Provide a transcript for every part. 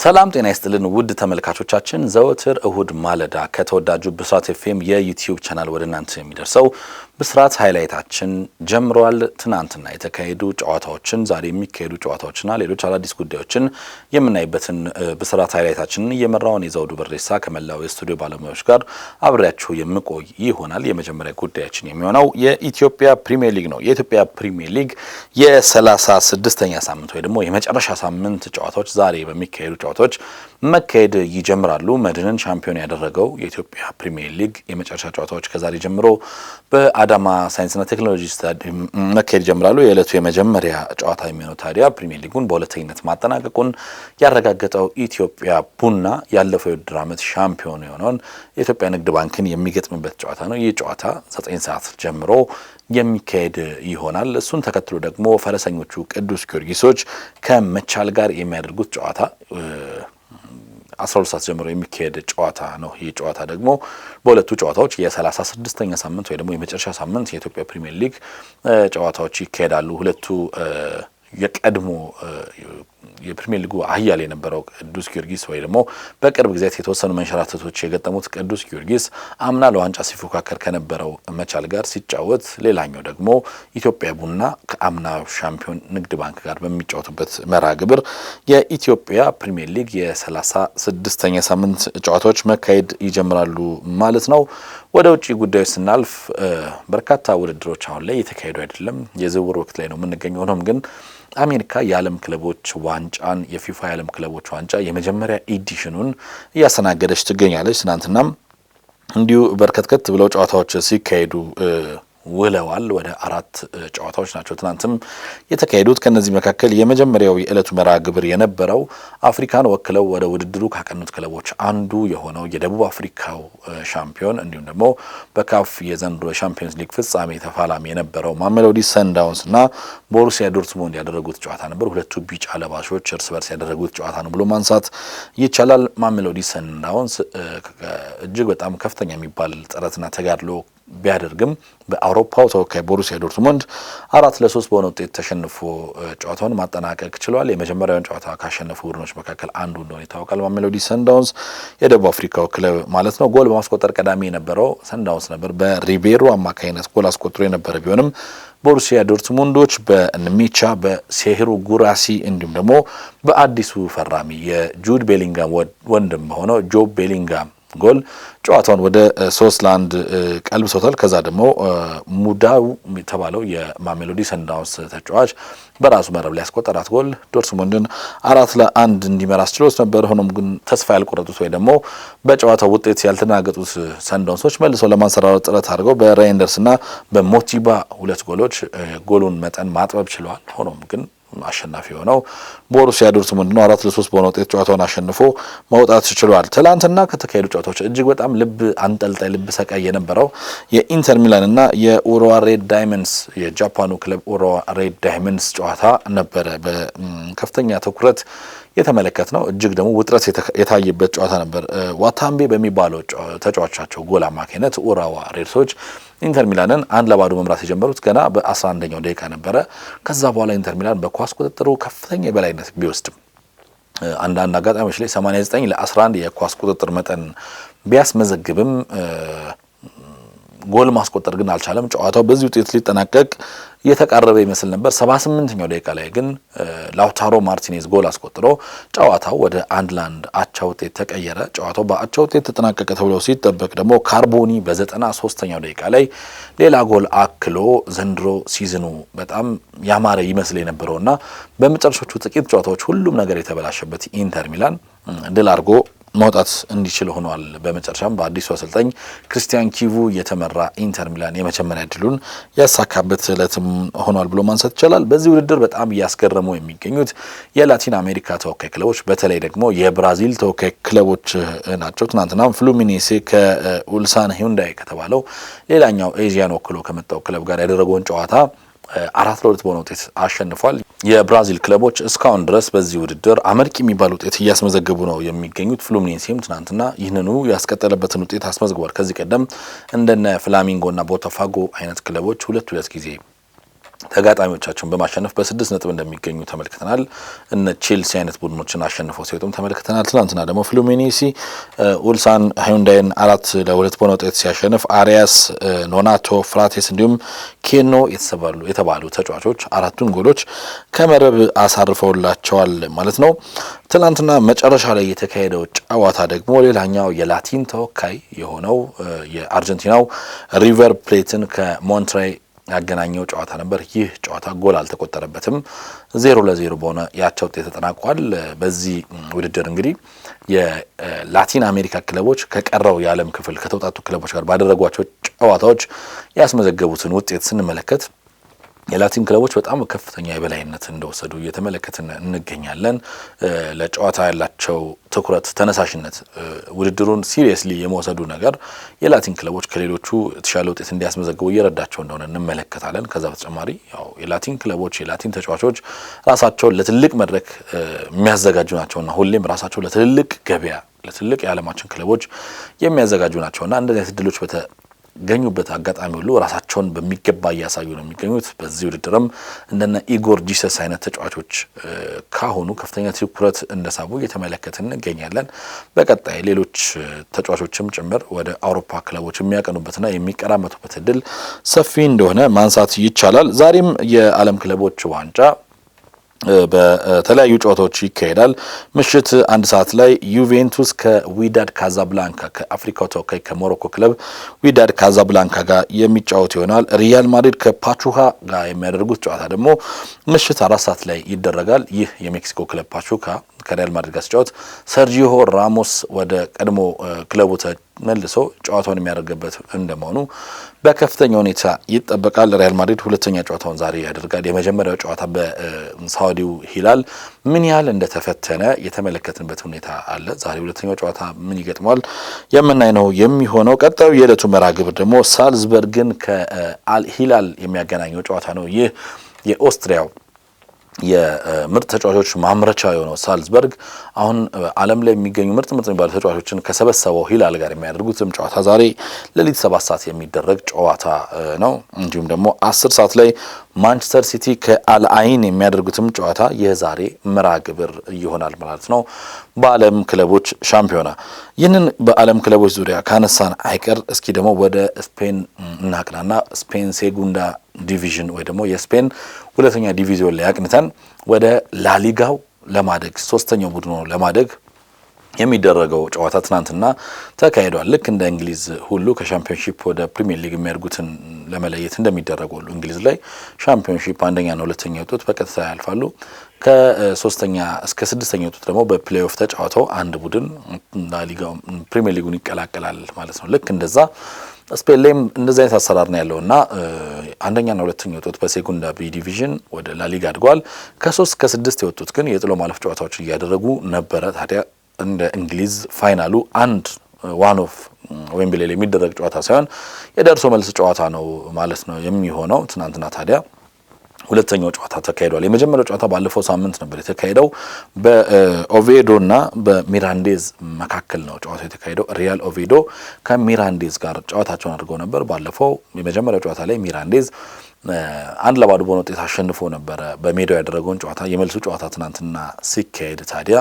ሰላም ጤና ይስጥልን ውድ ተመልካቾቻችን፣ ዘወትር እሁድ ማለዳ ከተወዳጁ ብስራት ኤፍኤም የዩቲዩብ ቻናል ወደ እናንተ የሚደርሰው ብስራት ሀይላይታችን ጀምሯል። ትናንትና የተካሄዱ ጨዋታዎችን፣ ዛሬ የሚካሄዱ ጨዋታዎችና ሌሎች አዳዲስ ጉዳዮችን የምናይበትን ብስራት ሃይላይታችንን እየመራውን የዘውዱ በሬሳ ከመላው የስቱዲዮ ባለሙያዎች ጋር አብሬያችሁ የምቆይ ይሆናል። የመጀመሪያ ጉዳያችን የሚሆነው የኢትዮጵያ ፕሪሚየር ሊግ ነው። የኢትዮጵያ ፕሪሚየር ሊግ የሰላሳ ስድስተኛ ሳምንት ወይ ደግሞ የመጨረሻ ሳምንት ጨዋታዎች ዛሬ በሚካሄዱ ጨዋታዎች መካሄድ ይጀምራሉ። መድንን ሻምፒዮን ያደረገው የኢትዮጵያ ፕሪሚየር ሊግ የመጨረሻ ጨዋታዎች ከዛሬ ጀምሮ በአ አዳማ ሳይንስና ቴክኖሎጂ ስታዲየም መካሄድ ይጀምራሉ። የዕለቱ የመጀመሪያ ጨዋታ የሚሆነው ታዲያ ፕሪሚየር ሊጉን በሁለተኝነት ማጠናቀቁን ያረጋገጠው ኢትዮጵያ ቡና ያለፈው የውድድር ዓመት ሻምፒዮን የሆነውን የኢትዮጵያ ንግድ ባንክን የሚገጥምበት ጨዋታ ነው። ይህ ጨዋታ ዘጠኝ ሰዓት ጀምሮ የሚካሄድ ይሆናል። እሱን ተከትሎ ደግሞ ፈረሰኞቹ ቅዱስ ጊዮርጊሶች ከመቻል ጋር የሚያደርጉት ጨዋታ 12 ሰዓት ጀምሮ የሚካሄድ ጨዋታ ነው። ይህ ጨዋታ ደግሞ በሁለቱ ጨዋታዎች የ36ኛ ሳምንት ወይ ደግሞ የመጨረሻ ሳምንት የኢትዮጵያ ፕሪሚየር ሊግ ጨዋታዎች ይካሄዳሉ። ሁለቱ የቀድሞ የፕሪሚየር ሊጉ አህያል የነበረው ቅዱስ ጊዮርጊስ ወይ ደግሞ በቅርብ ጊዜያት የተወሰኑ መንሸራተቶች የገጠሙት ቅዱስ ጊዮርጊስ አምና ለዋንጫ ሲፎካከር ከነበረው መቻል ጋር ሲጫወት፣ ሌላኛው ደግሞ ኢትዮጵያ ቡና ከአምና ሻምፒዮን ንግድ ባንክ ጋር በሚጫወቱበት መርሃ ግብር የኢትዮጵያ ፕሪሚየር ሊግ የሰላሳ ስድስተኛ ሳምንት ጨዋታዎች መካሄድ ይጀምራሉ ማለት ነው። ወደ ውጭ ጉዳዮች ስናልፍ በርካታ ውድድሮች አሁን ላይ እየተካሄዱ አይደለም። የዝውውር ወቅት ላይ ነው የምንገኘው። ሆኖም ግን አሜሪካ የዓለም ክለቦች ዋንጫን የፊፋ የዓለም ክለቦች ዋንጫ የመጀመሪያ ኤዲሽኑን እያስተናገደች ትገኛለች። ትናንትና እንዲሁ በርከትከት ብለው ጨዋታዎች ሲካሄዱ ውለዋል። ወደ አራት ጨዋታዎች ናቸው ትናንትም የተካሄዱት። ከእነዚህ መካከል የመጀመሪያው የዕለቱ መርሃ ግብር የነበረው አፍሪካን ወክለው ወደ ውድድሩ ካቀኑት ክለቦች አንዱ የሆነው የደቡብ አፍሪካው ሻምፒዮን እንዲሁም ደግሞ በካፍ የዘንድሮ የሻምፒዮንስ ሊግ ፍጻሜ ተፋላሚ የነበረው ማሜሎዲ ሰንዳውንስ እና ቦሩሲያ ዶርትሞንድ ያደረጉት ጨዋታ ነበር። ሁለቱ ቢጫ ለባሾች እርስ በርስ ያደረጉት ጨዋታ ነው ብሎ ማንሳት ይቻላል። ማሜሎዲ ሰንዳውንስ እጅግ በጣም ከፍተኛ የሚባል ጥረትና ተጋድሎ ቢያደርግም በአውሮፓው ተወካይ ቦሩሲያ ዶርትሞንድ አራት ለሶስት በሆነ ውጤት ተሸንፎ ጨዋታውን ማጠናቀቅ ችሏል። የመጀመሪያውን ጨዋታ ካሸነፉ ቡድኖች መካከል አንዱ እንደሆነ ይታወቃል። ማሜሎዲ ሰንዳውንስ የደቡብ አፍሪካው ክለብ ማለት ነው። ጎል በማስቆጠር ቀዳሚ የነበረው ሰንዳውንስ ነበር። በሪቤሮ አማካኝነት ጎል አስቆጥሮ የነበረ ቢሆንም ቦሩሲያ ዶርትሙንዶች በንሚቻ በሴሄሩ ጉራሲ እንዲሁም ደግሞ በአዲሱ ፈራሚ የጁድ ቤሊንጋም ወንድም በሆነው ጆብ ቤሊንጋም ጎል ጨዋታውን ወደ ሶስት ለአንድ ቀልብሶታል። ከዛ ደግሞ ሙዳው የተባለው የማሜሎዲ ሰንዳውንስ ተጫዋች በራሱ መረብ ላይ ያስቆጠራት ጎል ዶርትሙንድን አራት ለአንድ እንዲመራ አስችሎት ነበር። ሆኖም ግን ተስፋ ያልቆረጡት ወይ ደግሞ በጨዋታው ውጤት ያልተናገጡት ሰንዳውንሶች መልሰው ለማንሰራራት ጥረት አድርገው በሬይንደርስና በሞቲባ ሁለት ጎሎች ጎሉን መጠን ማጥበብ ችለዋል። ሆኖም ግን አሸናፊ የሆነው ቦሩሲያ ዶርትሙንድ ነው። አራት ለሶስት በሆነ ውጤት ጨዋታውን አሸንፎ መውጣት ችሏል። ትላንትና ከተካሄዱ ጨዋታዎች እጅግ በጣም ልብ አንጠልጣይ ልብ ሰቃይ የነበረው የኢንተር ሚላን እና የኡሮዋ ሬድ ዳይመንድስ የጃፓኑ ክለብ ኡሮዋ ሬድ ዳይመንድስ ጨዋታ ነበረ በከፍተኛ ትኩረት የተመለከት ነው። እጅግ ደግሞ ውጥረት የታየበት ጨዋታ ነበር። ዋታምቤ በሚባለው ተጫዋቻቸው ጎል አማካኝነት ኡራዋ ሬድሶች ኢንተር ሚላንን አንድ ለባዶ መምራት የጀመሩት ገና በ11ኛው ደቂቃ ነበረ። ከዛ በኋላ ኢንተር ሚላን በኳስ ቁጥጥሩ ከፍተኛ የበላይነት ቢወስድም አንዳንድ አጋጣሚዎች ላይ 89 ለ11 የኳስ ቁጥጥር መጠን ቢያስመዘግብም ጎል ማስቆጠር ግን አልቻለም። ጨዋታው በዚህ ውጤት ሊጠናቀቅ እየተቃረበ ይመስል ነበር። 78ኛው ደቂቃ ላይ ግን ላውታሮ ማርቲኔዝ ጎል አስቆጥሮ ጨዋታው ወደ አንድ ለአንድ አቻ ውጤት ተቀየረ። ጨዋታው በአቻ ውጤት ተጠናቀቀ ተብሎ ሲጠበቅ ደግሞ ካርቦኒ በ93ኛው ደቂቃ ላይ ሌላ ጎል አክሎ ዘንድሮ ሲዝኑ በጣም ያማረ ይመስል የነበረውና በመጨረሻዎቹ ጥቂት ጨዋታዎች ሁሉም ነገር የተበላሸበት ኢንተር ሚላን ድል አድርጎ ማውጣት እንዲችል ሆኗል። በመጨረሻም በአዲሱ አሰልጣኝ ክርስቲያን ኪቩ የተመራ ኢንተር ሚላን የመጀመሪያ እድሉን ያሳካበት እለትም ሆኗል ብሎ ማንሳት ይቻላል። በዚህ ውድድር በጣም እያስገረሙ የሚገኙት የላቲን አሜሪካ ተወካይ ክለቦች በተለይ ደግሞ የብራዚል ተወካይ ክለቦች ናቸው። ትናንትናም ፍሉሚኔሴ ከኡልሳን ሂውንዳይ ከተባለው ሌላኛው ኤዥያን ወክሎ ከመጣው ክለብ ጋር ያደረገውን ጨዋታ አራት ለሁለት በሆነ ውጤት አሸንፏል። የብራዚል ክለቦች እስካሁን ድረስ በዚህ ውድድር አመርቂ የሚባል ውጤት እያስመዘገቡ ነው የሚገኙት። ፍሉሚኔንሲም ትናንትና ይህንኑ ያስቀጠለበትን ውጤት አስመዝግቧል። ከዚህ ቀደም እንደነ ፍላሚንጎና ቦታፋጎ አይነት ክለቦች ሁለት ሁለት ጊዜ ተጋጣሚዎቻቸውን በማሸነፍ በስድስት ነጥብ እንደሚገኙ ተመልክተናል። እነ ቼልሲ አይነት ቡድኖችን አሸንፈው ሲወጡም ተመልክተናል። ትናንትና ደግሞ ፍሉሚኒሲ ኡልሳን ሃዩንዳይን አራት ለሁለት በሆነ ውጤት ሲያሸንፍ አሪያስ፣ ኖናቶ፣ ፍራቴስ እንዲሁም ኬኖ የተባሉ ተጫዋቾች አራቱን ጎሎች ከመረብ አሳርፈውላቸዋል ማለት ነው። ትናንትና መጨረሻ ላይ የተካሄደው ጨዋታ ደግሞ ሌላኛው የላቲን ተወካይ የሆነው የአርጀንቲናው ሪቨር ፕሌትን ከሞንትሬይ ያገናኘው ጨዋታ ነበር። ይህ ጨዋታ ጎል አልተቆጠረበትም። ዜሮ ለዜሮ በሆነ ያቻ ውጤት ተጠናቋል። በዚህ ውድድር እንግዲህ የላቲን አሜሪካ ክለቦች ከቀረው የዓለም ክፍል ከተውጣጡ ክለቦች ጋር ባደረጓቸው ጨዋታዎች ያስመዘገቡትን ውጤት ስንመለከት የላቲን ክለቦች በጣም ከፍተኛ የበላይነት እንደወሰዱ እየተመለከትን እንገኛለን። ለጨዋታ ያላቸው ትኩረት፣ ተነሳሽነት፣ ውድድሩን ሲሪየስሊ የመውሰዱ ነገር የላቲን ክለቦች ከሌሎቹ የተሻለ ውጤት እንዲያስመዘግቡ እየረዳቸው እንደሆነ እንመለከታለን። ከዛ በተጨማሪ ያው የላቲን ክለቦች የላቲን ተጫዋቾች ራሳቸውን ለትልቅ መድረክ የሚያዘጋጁ ናቸውና ሁሌም ራሳቸው ለትልቅ ገበያ ለትልቅ የዓለማችን ክለቦች የሚያዘጋጁ ናቸውና እንደዚህ አይነት እድሎች ገኙበት አጋጣሚ ሁሉ ራሳቸውን በሚገባ እያሳዩ ነው የሚገኙት። በዚህ ውድድርም እንደነ ኢጎር ጂሰስ አይነት ተጫዋቾች ካሁኑ ከፍተኛ ትኩረት እንደሳቡ እየተመለከት እንገኛለን። በቀጣይ ሌሎች ተጫዋቾችም ጭምር ወደ አውሮፓ ክለቦች የሚያቀኑበትና የሚቀራመቱበት እድል ሰፊ እንደሆነ ማንሳት ይቻላል። ዛሬም የዓለም ክለቦች ዋንጫ በተለያዩ ጨዋታዎች ይካሄዳል። ምሽት አንድ ሰዓት ላይ ዩቬንቱስ ከዊዳድ ካዛብላንካ ከአፍሪካው ተወካይ ከሞሮኮ ክለብ ዊዳድ ካዛብላንካ ጋር የሚጫወት ይሆናል። ሪያል ማድሪድ ከፓቹካ ጋር የሚያደርጉት ጨዋታ ደግሞ ምሽት አራት ሰዓት ላይ ይደረጋል። ይህ የሜክሲኮ ክለብ ፓቹካ ከሪያል ማድሪድ ጋር ሲጫወት ሰርጂሆ ራሞስ ወደ ቀድሞ ክለቡ ተመልሶ ጨዋታውን የሚያደርግበት እንደመሆኑ በከፍተኛ ሁኔታ ይጠበቃል። ሪያል ማድሪድ ሁለተኛ ጨዋታውን ዛሬ ያደርጋል። የመጀመሪያው ጨዋታ በሳውዲው ሂላል ምን ያህል እንደተፈተነ የተመለከትንበት ሁኔታ አለ። ዛሬ ሁለተኛው ጨዋታ ምን ይገጥመዋል የምናይ ነው የሚሆነው። ቀጣዩ የዕለቱ መርሃ ግብር ደግሞ ሳልዝበርግን ከአልሂላል የሚያገናኘው ጨዋታ ነው። ይህ የኦስትሪያው የምርጥ ተጫዋቾች ማምረቻ የሆነው ሳልዝበርግ አሁን ዓለም ላይ የሚገኙ ምርጥ ምርጥ የሚባሉ ተጫዋቾችን ከሰበሰበው ሂላል ጋር የሚያደርጉትም ጨዋታ ዛሬ ሌሊት ሰባት ሰዓት የሚደረግ ጨዋታ ነው። እንዲሁም ደግሞ አስር ሰዓት ላይ ማንቸስተር ሲቲ ከአልአይን የሚያደርጉትም ጨዋታ የዛሬ ምራ ግብር ይሆናል ማለት ነው። በዓለም ክለቦች ሻምፒዮና ይህንን በዓለም ክለቦች ዙሪያ ካነሳን አይቀር እስኪ ደግሞ ወደ ስፔን እናቅናና ስፔን ሴጉንዳ ዲቪዥን ወይ ደግሞ የስፔን ሁለተኛ ዲቪዚዮን ላይ አቅንተን ወደ ላሊጋው ለማደግ ሶስተኛው ቡድን ሆኖ ለማደግ የሚደረገው ጨዋታ ትናንትና ተካሂዷል። ልክ እንደ እንግሊዝ ሁሉ ከሻምፒዮንሺፕ ወደ ፕሪሚየር ሊግ የሚያድጉትን ለመለየት እንደሚደረገው ሁሉ እንግሊዝ ላይ ሻምፒዮንሺፕ አንደኛና ሁለተኛ የወጡት በቀጥታ ያልፋሉ። ከሶስተኛ እስከ ስድስተኛ የወጡት ደግሞ በፕሌይኦፍ ተጫዋተው አንድ ቡድን ላሊጋው ፕሪሚየር ሊጉን ይቀላቀላል ማለት ነው። ልክ እንደዛ ስፔንላይም እንደዚህ አይነት አሰራር ነው ያለው እና አንደኛና ሁለተኛ የወጡት በሴኩንዳ ቢ ዲቪዥን ወደ ላሊጋ አድጓል ከሶስት ከስድስት የወጡት ግን የጥሎ ማለፍ ጨዋታዎችን እያደረጉ ነበረ። ታዲያ እንደ እንግሊዝ ፋይናሉ አንድ ዋን ኦፍ ዌምብሌ የሚደረግ ጨዋታ ሳይሆን የደርሶ መልስ ጨዋታ ነው ማለት ነው የሚሆነው። ትናንትና ታዲያ ሁለተኛው ጨዋታ ተካሂዷል። የመጀመሪያው ጨዋታ ባለፈው ሳምንት ነበር የተካሄደው። በኦቬዶና በሚራንዴዝ መካከል ነው ጨዋታው የተካሄደው። ሪያል ኦቬዶ ከሚራንዴዝ ጋር ጨዋታቸውን አድርገው ነበር። ባለፈው የመጀመሪያው ጨዋታ ላይ ሚራንዴዝ አንድ ለባዶ በሆነ ውጤት አሸንፎ ነበረ በሜዳው ያደረገውን ጨዋታ። የመልሱ ጨዋታ ትናንትና ሲካሄድ ታዲያ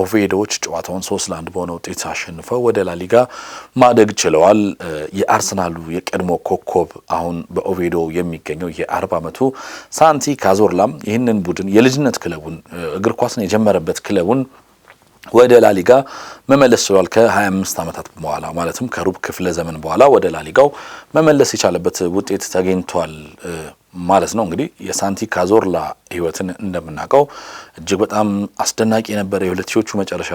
ኦቬዶዎች ጨዋታውን ሶስት ለአንድ በሆነ ውጤት አሸንፈው ወደ ላሊጋ ማደግ ችለዋል። የአርሰናሉ የቀድሞ ኮከብ አሁን በኦቬዶ የሚገኘው የአርባ ዓመቱ ሳንቲ ካዞርላም ይህንን ቡድን የልጅነት ክለቡን እግር ኳስን የጀመረበት ክለቡን ወደ ላሊጋ መመለስ ችሏል። ከ25 ዓመታት በኋላ ማለትም ከሩብ ክፍለ ዘመን በኋላ ወደ ላሊጋው መመለስ የቻለበት ውጤት ተገኝቷል። ማለት ነው። እንግዲህ የሳንቲ ካዞርላ ህይወትን እንደምናውቀው እጅግ በጣም አስደናቂ የነበረ የሁለት ሺዎቹ መጨረሻ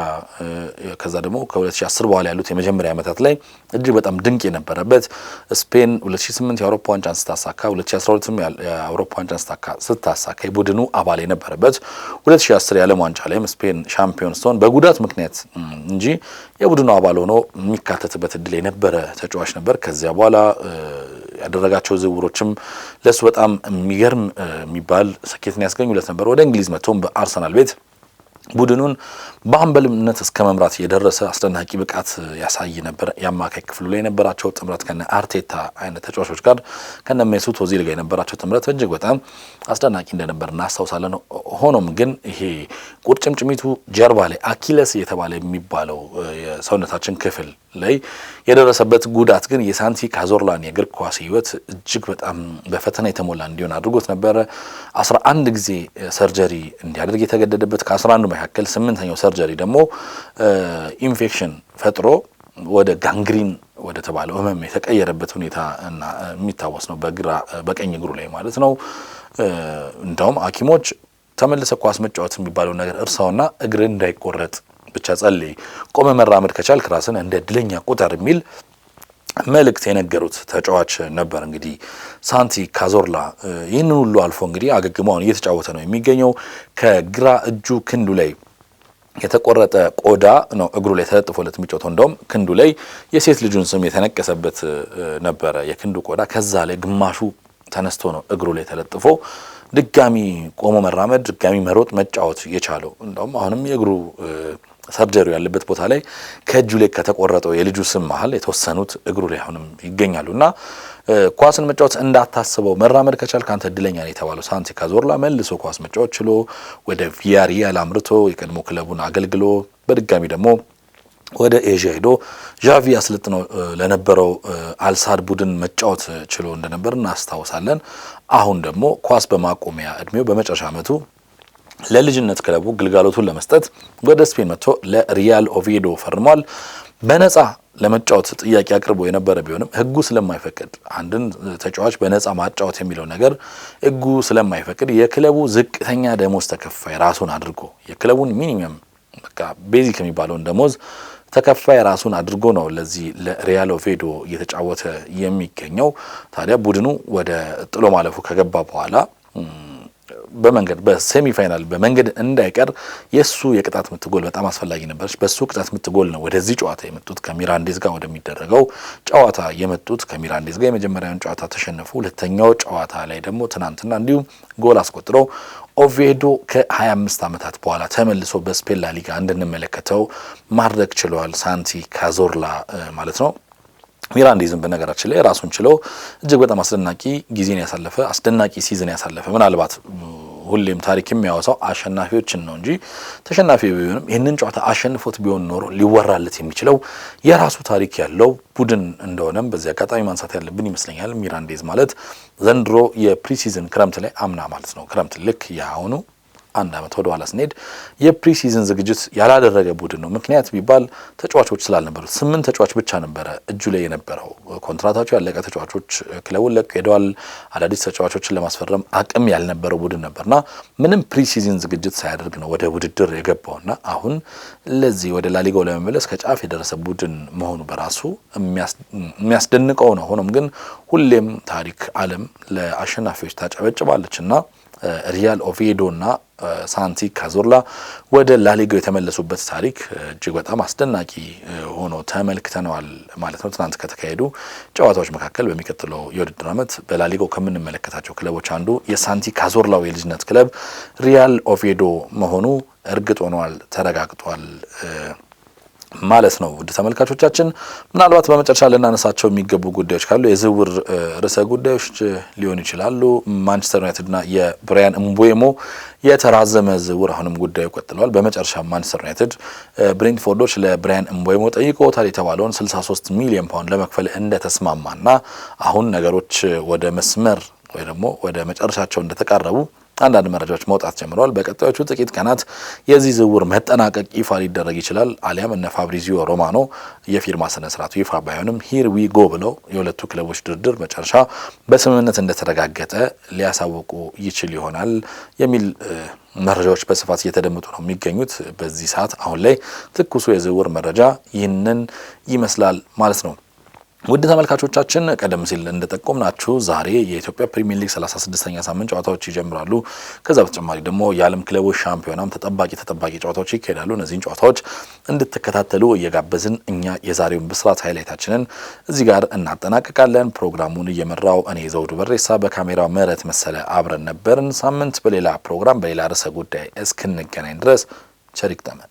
ከዛ ደግሞ ከ2010 በኋላ ያሉት የመጀመሪያ ዓመታት ላይ እጅግ በጣም ድንቅ የነበረበት ስፔን 2008 የአውሮፓ ዋንጫን ስታሳካ 2012ም የአውሮፓ ዋንጫን ስታሳካ የቡድኑ አባል የነበረበት 2010 የዓለም ዋንጫ ላይም ስፔን ሻምፒዮን ስትሆን በጉዳት ምክንያት እንጂ የቡድኑ አባል ሆኖ የሚካተትበት እድል የነበረ ተጫዋች ነበር። ከዚያ በኋላ ያደረጋቸው ዝውውሮችም ለእሱ በጣም የሚገርም የሚባል ስኬትን ያስገኙለት ነበር። ወደ እንግሊዝ መጥቶም በአርሰናል ቤት ቡድኑን በአምበልነት እስከ መምራት የደረሰ አስደናቂ ብቃት ያሳይ ነበር። የአማካይ ክፍሉ ላይ የነበራቸው ጥምረት ከነ አርቴታ አይነት ተጫዋቾች ጋር ከነ ሜሱት ኦዚል ጋር የነበራቸው ጥምረት እጅግ በጣም አስደናቂ እንደነበር እናስታውሳለን። ሆኖም ግን ይሄ ቁርጭምጭሚቱ ጀርባ ላይ አኪለስ የተባለ የሚባለው የሰውነታችን ክፍል ላይ የደረሰበት ጉዳት ግን የሳንቲ ካዞርላን የእግር ኳስ ህይወት እጅግ በጣም በፈተና የተሞላ እንዲሆን አድርጎት ነበረ። አስራ አንድ ጊዜ ሰርጀሪ እንዲያደርግ የተገደደበት ከአስራ አንዱ መካከል ስምንተኛው ሰርጀሪ ደግሞ ኢንፌክሽን ፈጥሮ ወደ ጋንግሪን ወደ ተባለው ህመም የተቀየረበት ሁኔታ እና የሚታወስ ነው። በግራ በቀኝ እግሩ ላይ ማለት ነው። እንደውም ሐኪሞች ተመልሰ ኳስ መጫወት የሚባለው ነገር እርሳውና እግር እንዳይቆረጥ ብቻ ጸልይ፣ ቆመ መራመድ ከቻልክ ራስን እንደ እድለኛ ቁጠር የሚል መልእክት የነገሩት ተጫዋች ነበር። እንግዲህ ሳንቲ ካዞርላ ይህንን ሁሉ አልፎ እንግዲህ አገግሞ አሁን እየተጫወተ ነው የሚገኘው። ከግራ እጁ ክንዱ ላይ የተቆረጠ ቆዳ ነው እግሩ ላይ ተለጥፎለት የሚጫወተው። እንደውም ክንዱ ላይ የሴት ልጁን ስም የተነቀሰበት ነበረ የክንዱ ቆዳ። ከዛ ላይ ግማሹ ተነስቶ ነው እግሩ ላይ ተለጥፎ ድጋሚ ቆሞ መራመድ፣ ድጋሚ መሮጥ፣ መጫወት የቻለው። እንደውም አሁንም የእግሩ ሰርጀሪ ያለበት ቦታ ላይ ከእጁ ላይ ከተቆረጠው የልጁ ስም መሀል የተወሰኑት እግሩ ላይ አሁንም ይገኛሉ እና ኳስን መጫወት እንዳታስበው መራመድ ከቻል ከአንተ እድለኛ ነው የተባለው ሳንቲ ካዞርላ መልሶ ኳስ መጫወት ችሎ ወደ ቪያሪያል አምርቶ የቀድሞ ክለቡን አገልግሎ በድጋሚ ደግሞ ወደ ኤዥያ ሄዶ ዣቪ አሰልጥኖ ለነበረው አልሳድ ቡድን መጫወት ችሎ እንደነበር እናስታውሳለን። አሁን ደግሞ ኳስ በማቆሚያ እድሜው በመጨረሻ ዓመቱ ለልጅነት ክለቡ ግልጋሎቱን ለመስጠት ወደ ስፔን መጥቶ ለሪያል ኦቪዶ ፈርሟል። በነፃ ለመጫወት ጥያቄ አቅርቦ የነበረ ቢሆንም ህጉ ስለማይፈቅድ አንድን ተጫዋች በነፃ ማጫወት የሚለው ነገር ህጉ ስለማይፈቅድ የክለቡ ዝቅተኛ ደሞዝ ተከፋይ ራሱን አድርጎ የክለቡን ሚኒመም በቃ ቤዚክ የሚባለውን ደሞዝ ተከፋይ ራሱን አድርጎ ነው ለዚህ ለሪያል ኦቬዶ እየተጫወተ የሚገኘው። ታዲያ ቡድኑ ወደ ጥሎ ማለፉ ከገባ በኋላ በመንገድ በሴሚ ፋይናል በመንገድ እንዳይቀር የእሱ የቅጣት ምት ጎል በጣም አስፈላጊ ነበረች። በእሱ ቅጣት ምት ጎል ነው ወደዚህ ጨዋታ የመጡት ከሚራንዴዝ ጋር ወደሚደረገው ጨዋታ የመጡት ከሚራንዴዝ ጋር የመጀመሪያውን ጨዋታ ተሸነፉ። ሁለተኛው ጨዋታ ላይ ደግሞ ትናንትና እንዲሁም ጎል አስቆጥረው ኦቬዶ ከ25 ዓመታት በኋላ ተመልሶ በስፔን ላሊጋ እንድንመለከተው ማድረግ ችለዋል። ሳንቲ ካዞርላ ማለት ነው። ሚራንዴዝም በነገራችን ላይ ራሱን ችሎ እጅግ በጣም አስደናቂ ጊዜን ያሳለፈ አስደናቂ ሲዝን ያሳለፈ ምናልባት ሁሌም ታሪክ የሚያወሳው አሸናፊዎችን ነው እንጂ ተሸናፊ ቢሆንም ይህንን ጨዋታ አሸንፎት ቢሆን ኖሮ ሊወራለት የሚችለው የራሱ ታሪክ ያለው ቡድን እንደሆነም በዚህ አጋጣሚ ማንሳት ያለብን ይመስለኛል። ሚራንዴዝ ማለት ዘንድሮ የፕሪሲዝን ክረምት ላይ አምና ማለት ነው ክረምት ልክ የአሁኑ አንድ ዓመት ወደ ኋላ ስንሄድ የፕሪሲዝን ዝግጅት ያላደረገ ቡድን ነው። ምክንያት ቢባል ተጫዋቾች ስላልነበሩት ስምንት ተጫዋች ብቻ ነበረ እጁ ላይ የነበረው። ኮንትራታቸው ያለቀ ተጫዋቾች ክለቡን ለቀው ሄደዋል። አዳዲስ ተጫዋቾችን ለማስፈረም አቅም ያልነበረው ቡድን ነበርና ምንም ፕሪሲዝን ዝግጅት ሳያደርግ ነው ወደ ውድድር የገባውና አሁን ለዚህ ወደ ላሊጋው ለመመለስ ከጫፍ የደረሰ ቡድን መሆኑ በራሱ የሚያስደንቀው ነው። ሆኖም ግን ሁሌም ታሪክ አለም ለአሸናፊዎች ታጨበጭባለች እና ሪያል ኦቪዬዶና ሳንቲ ካዞርላ ወደ ላሊጋው የተመለሱበት ታሪክ እጅግ በጣም አስደናቂ ሆኖ ተመልክተነዋል ማለት ነው። ትናንት ከተካሄዱ ጨዋታዎች መካከል በሚቀጥለው የውድድር ዓመት በላሊጋው ከምንመለከታቸው ክለቦች አንዱ የሳንቲ ካዞርላው የልጅነት ክለብ ሪያል ኦቬዶ መሆኑ እርግጥ ሆኗል፣ ተረጋግጧል። ማለት ነው። ውድ ተመልካቾቻችን ምናልባት በመጨረሻ ልናነሳቸው የሚገቡ ጉዳዮች ካሉ የዝውውር ርዕሰ ጉዳዮች ሊሆኑ ይችላሉ። ማንቸስተር ዩናይትድና የብሪያን እምቦሞ የተራዘመ ዝውውር አሁንም ጉዳዩ ቀጥለዋል። በመጨረሻ ማንቸስተር ዩናይትድ ብሬንትፎርዶች ለብሪያን እምቦሞ ጠይቀውታል የተባለውን 63 ሚሊዮን ፓውንድ ለመክፈል እንደተስማማና አሁን ነገሮች ወደ መስመር ወይ ደግሞ ወደ መጨረሻቸው እንደተቃረቡ አንዳንድ መረጃዎች መውጣት ጀምረዋል። በቀጣዮቹ ጥቂት ቀናት የዚህ ዝውውር መጠናቀቅ ይፋ ሊደረግ ይችላል። አሊያም እነ ፋብሪዚዮ ሮማኖ የፊርማ ስነ ስርዓቱ ይፋ ባይሆንም ሂር ዊ ጎ ብለው የሁለቱ ክለቦች ድርድር መጨረሻ በስምምነት እንደተረጋገጠ ሊያሳውቁ ይችል ይሆናል የሚል መረጃዎች በስፋት እየተደመጡ ነው የሚገኙት። በዚህ ሰዓት አሁን ላይ ትኩሱ የዝውውር መረጃ ይህንን ይመስላል ማለት ነው። ውድ ተመልካቾቻችን ቀደም ሲል ናችሁ ዛሬ የኢትዮጵያ ፕሪሚየር ሊግ 36ኛ ሳምንት ጨዋታዎች ይጀምራሉ። ከዛ በተጨማሪ ደግሞ የዓለም ክለቦች ሻምፒዮናም ተጠባቂ ተጠባቂ ጨዋታዎች ይካሄዳሉ። እነዚህን ጨዋታዎች እንድትከታተሉ እየጋበዝን እኛ የዛሬውን ብስራት ሃይላይታችንን እዚህ ጋር እናጠናቀቃለን ፕሮግራሙን እየመራው እኔ ዘውዱ በሬሳ፣ በካሜራው ምህረት መሰለ አብረን ነበርን። ሳምንት በሌላ ፕሮግራም በሌላ ርዕሰ ጉዳይ እስክንገናኝ ድረስ ቸር ይግጠመን።